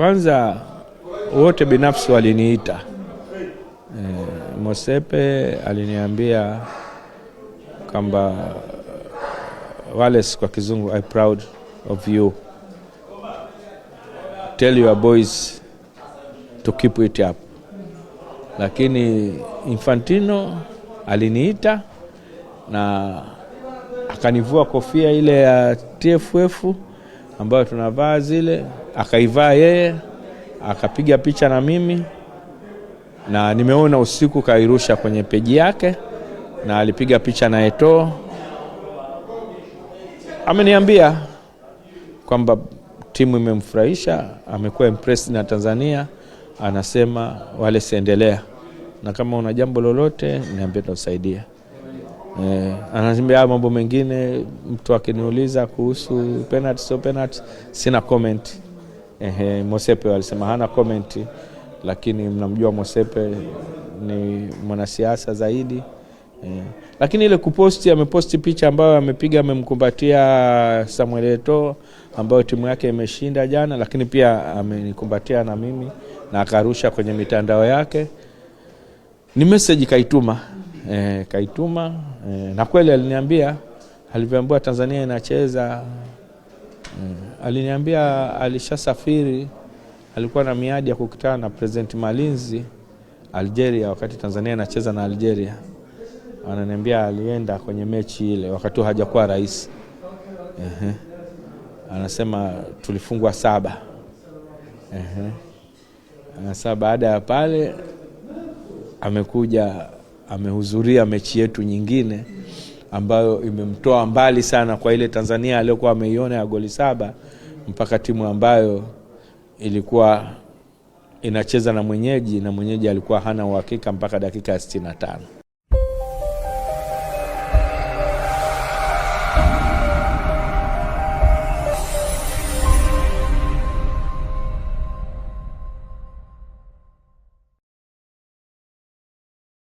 Kwanza wote binafsi waliniita e, Mosepe aliniambia kwamba Wallace, kwa kizungu I proud of you, tell your boys to keep it up. Lakini Infantino aliniita na akanivua kofia ile ya TFF ambayo tunavaa zile, akaivaa yeye akapiga picha na mimi, na nimeona usiku kairusha kwenye peji yake, na alipiga picha na Etoo. Ameniambia kwamba timu imemfurahisha, amekuwa impressed na Tanzania, anasema wale siendelea, na kama una jambo lolote niambie, tutasaidia. Eh, anazimbia mambo mengine. Mtu akiniuliza kuhusu penalty sio penalty, sina comment. Eh, Mosepe alisema hana comment, lakini mnamjua Mosepe ni mwanasiasa zaidi eh. Lakini ile kuposti, ameposti picha ambayo amepiga amemkumbatia Samuel Eto ambayo timu yake imeshinda jana, lakini pia amenikumbatia na mimi na akarusha kwenye mitandao yake, ni message kaituma eh, kaituma eh, na kweli aliniambia alivyoambiwa Tanzania inacheza eh, aliniambia alishasafiri, alikuwa na miadi ya kukutana na President Malinzi Algeria, wakati Tanzania inacheza na Algeria. Ananiambia alienda kwenye mechi ile, wakati hajakuwa rais eh, anasema tulifungwa saba e, anasema baada ya pale amekuja amehudhuria mechi yetu nyingine ambayo imemtoa mbali sana kwa ile Tanzania aliyokuwa ameiona ya goli saba mpaka timu ambayo ilikuwa inacheza na mwenyeji na mwenyeji alikuwa hana uhakika mpaka dakika ya sitini na tano.